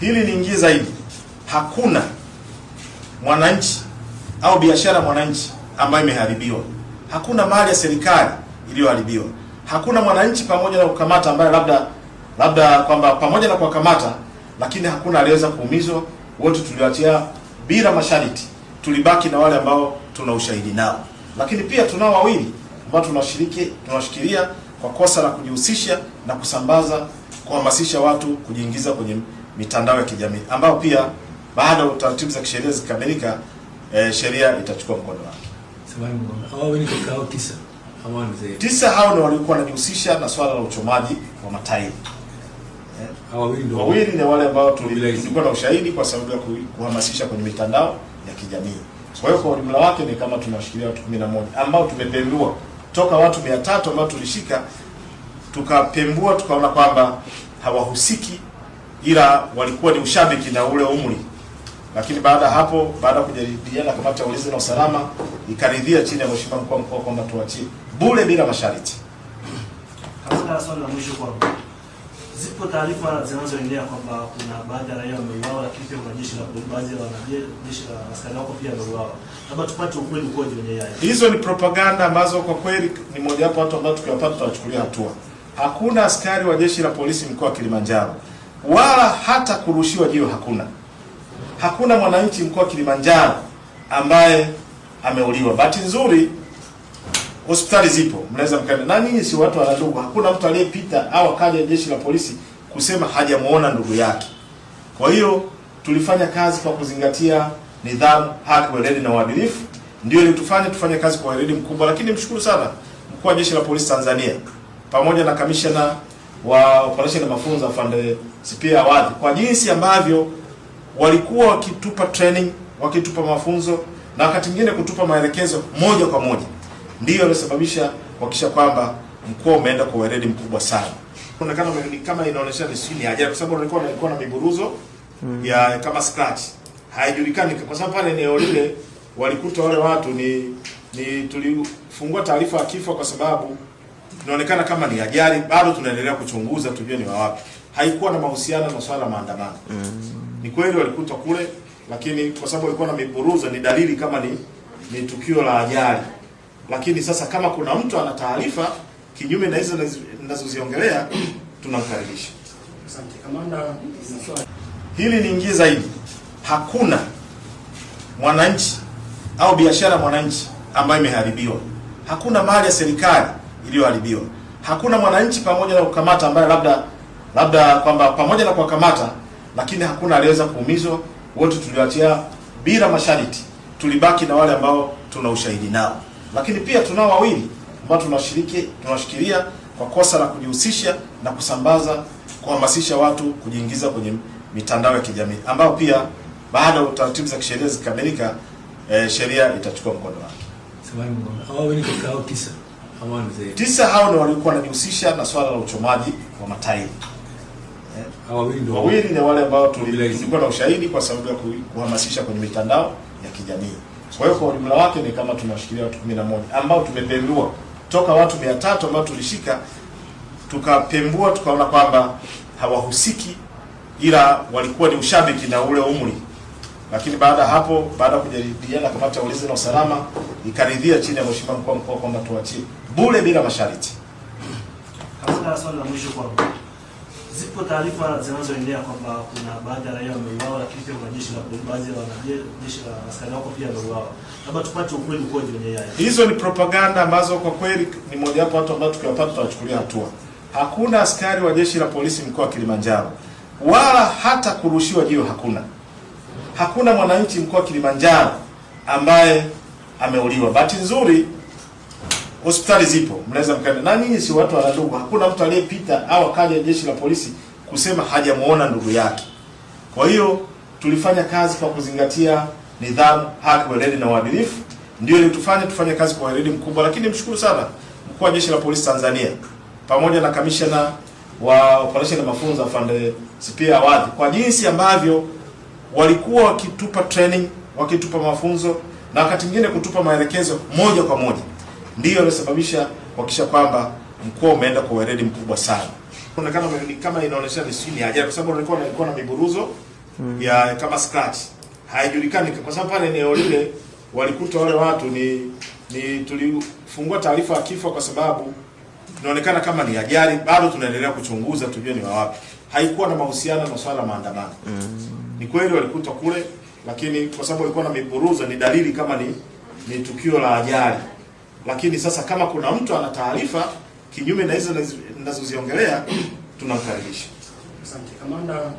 Hili niingie zaidi, hakuna mwananchi au biashara mwananchi ambayo imeharibiwa, hakuna mali ya serikali iliyoharibiwa, hakuna mwananchi pamoja na kukamata ambaye labda labda kwamba pamoja na kuwakamata, lakini hakuna aliweza kuumizwa. Wote tuliwatia bila masharti, tulibaki na wale ambao tuna ushahidi nao, lakini pia tunao wawili ambao tunashiriki tunashikilia kwa kosa la kujihusisha na kusambaza kuhamasisha watu kujiingiza kwenye mitandao ya kijamii ambao pia baada ya taratibu za kisheria zikikamilika, eh, sheria itachukua mkondo wake. Tisa hao ni walikuwa wanajihusisha na swala la uchomaji wa matairi. Eh? Wawili ni wale ambao tulikuwa na ushahidi kwa sababu ya kuhamasisha kwenye mitandao ya kijamii. Kwa hiyo kwa ujumla wake ni kama tunawashikilia watu 11 ambao tumepembua toka watu 300 ambao tulishika tukapembua tukaona kwamba hawahusiki ila walikuwa ni ushabiki na ule umri. Lakini baada ya hapo, baada ya kujadiliana, kamati ya ulinzi na usalama ikaridhia chini ya mheshimiwa mkuu wa mkoa kwamba tuachie bure bila masharti. Kama swali la mwisho kwangu, zipo taarifa zinazoenea kwamba kuna baadhi ya raia wameuawa, lakini pia kuna jeshi la baadhi ya jeshi la askari wako pia wameuawa, labda tupate ukweli ukoje kwenye yaya. Hizo ni propaganda ambazo kwa kweli ni moja wapo watu ambao tukiwapata tutawachukulia hatua. Hakuna askari wa jeshi la polisi mkoa wa Kilimanjaro wala hata kurushiwa jiwe hakuna. Hakuna mwananchi mkoa wa Kilimanjaro ambaye ameuliwa. Bahati nzuri hospitali zipo, mnaweza mkaenda, na ninyi si watu wana ndugu. Hakuna mtu aliyepita au akaja jeshi la polisi kusema hajamuona ndugu yake. Kwa hiyo tulifanya kazi kwa kuzingatia nidhamu, haki, weledi na uadilifu, ndio ilitufanya tufanye kazi kwa weledi mkubwa. Lakini mshukuru sana mkuu wa jeshi la polisi Tanzania pamoja na kamishna wa operation na mafunzo afande Sipia Awadhi kwa jinsi ambavyo walikuwa wakitupa training, wakitupa mafunzo na wakati mwingine kutupa maelekezo moja kwa moja, ndiyo yaliyosababisha kuhakikisha kwamba mkoa umeenda kwa weredi mkubwa sana. Kuna kama ni kama inaonyesha ni sini haja kwa sababu walikuwa walikuwa na miburuzo mm. ya kama scratch, haijulikani kwa sababu pale eneo lile walikuta wale watu ni, ni tulifungua taarifa ya kifo kwa sababu inaonekana kama ni ajali, bado tunaendelea kuchunguza tujue ni wapi. Haikuwa na mahusiano na swala maandamano. Mm. Ni kweli walikutwa kule, lakini kwa sababu walikuwa na miburuza, ni dalili kama ni, ni tukio la ajali. Lakini sasa kama kuna mtu ana taarifa kinyume na hizo ninazoziongelea, tunamkaribisha. Asante kamanda. Hili zaidi, hakuna mwananchi au biashara mwananchi ambayo imeharibiwa, hakuna mali ya serikali iliyoharibiwa. Hakuna mwananchi pamoja na kukamata ambaye labda labda kwamba pamoja na kuwakamata, lakini hakuna aliweza kuumizwa. Wote tuliwatia bila masharti, tulibaki na wale ambao tuna ushahidi nao, lakini pia tunao wawili ambao tunashiriki tunashikilia kwa kosa la kujihusisha na kusambaza, kuhamasisha watu kujiingiza kwenye mitandao ya kijamii, ambao pia baada ya taratibu za kisheria zikikamilika, eh, sheria itachukua mkondo wake tisa hao ndio walikuwa wanajihusisha na swala la uchomaji wa matairi eh. Wawili ni wale ambao tulikuwa na ushahidi kwa sababu ya kuhamasisha kwenye mitandao ya kijamii. Kwa hiyo kwa ujumla wake ni kama tunashikilia watu 11 ambao tumepembua toka watu 300 ambao tulishika, tukapembua tukaona kwamba hawahusiki, ila walikuwa ni ushabiki na ule umri lakini baada hapo, baada ya kujadiliana, kamati ya ulinzi na usalama ikaridhia chini ya mheshimiwa mkuu wa mkoa kwamba tuachie bure bila masharti. Katika swali la mwisho kwa zipo taarifa zinazoendea kwamba kuna baadhi ya raia wameuawa, lakini pia kuna jeshi la baadhi ya wanajeshi la askari wako pia wameuawa, labda tupate ukweli kwa kwenye yale. Hizo ni propaganda ambazo kwa kweli ni moja wapo watu ambao tukiwapata tutawachukulia hatua. Hakuna askari wa jeshi la polisi mkoa wa Kilimanjaro wala hata kurushiwa jiwe hakuna. Hakuna mwananchi mkoa wa Kilimanjaro ambaye ameuliwa. Bahati nzuri hospitali zipo, mnaweza mkaenda na ninyi, si watu wa ndugu. Hakuna mtu aliyepita au akaja jeshi la polisi kusema hajamuona ndugu yake. Kwa hiyo tulifanya kazi kwa kuzingatia nidhamu, haki, weledi na uadilifu, ndio ilitufanya tufanye kazi kwa weledi mkubwa. Lakini mshukuru sana mkuu wa jeshi la polisi Tanzania pamoja na kamishna wa operation na mafunzo afande Sipia Awadhi kwa jinsi ambavyo walikuwa wakitupa training, wakitupa mafunzo na wakati mwingine kutupa maelekezo moja kwa moja ndiyo yaliyosababisha kuhakikisha kwamba mkoa umeenda kwa weredi mkubwa sana. Inaonekana kama inaonyesha ni sijui ni ajali, kwa sababu ilikuwa ilikuwa na miburuzo mm. ya kama scratch haijulikani, kwa sababu pale eneo lile walikuta wale watu ni ni tulifungua taarifa ya kifo kwa sababu inaonekana kama ni ajali, bado tunaendelea kuchunguza tujue ni wawapi. Haikuwa na mahusiano na swala maandamano mm. ni kweli walikuta kule, lakini kwa sababu walikuwa na miburuzo, ni dalili kama ni ni tukio la ajali. Lakini sasa kama kuna mtu ana taarifa kinyume na hizo ninazoziongelea, tunamkaribisha. Asante kamanda.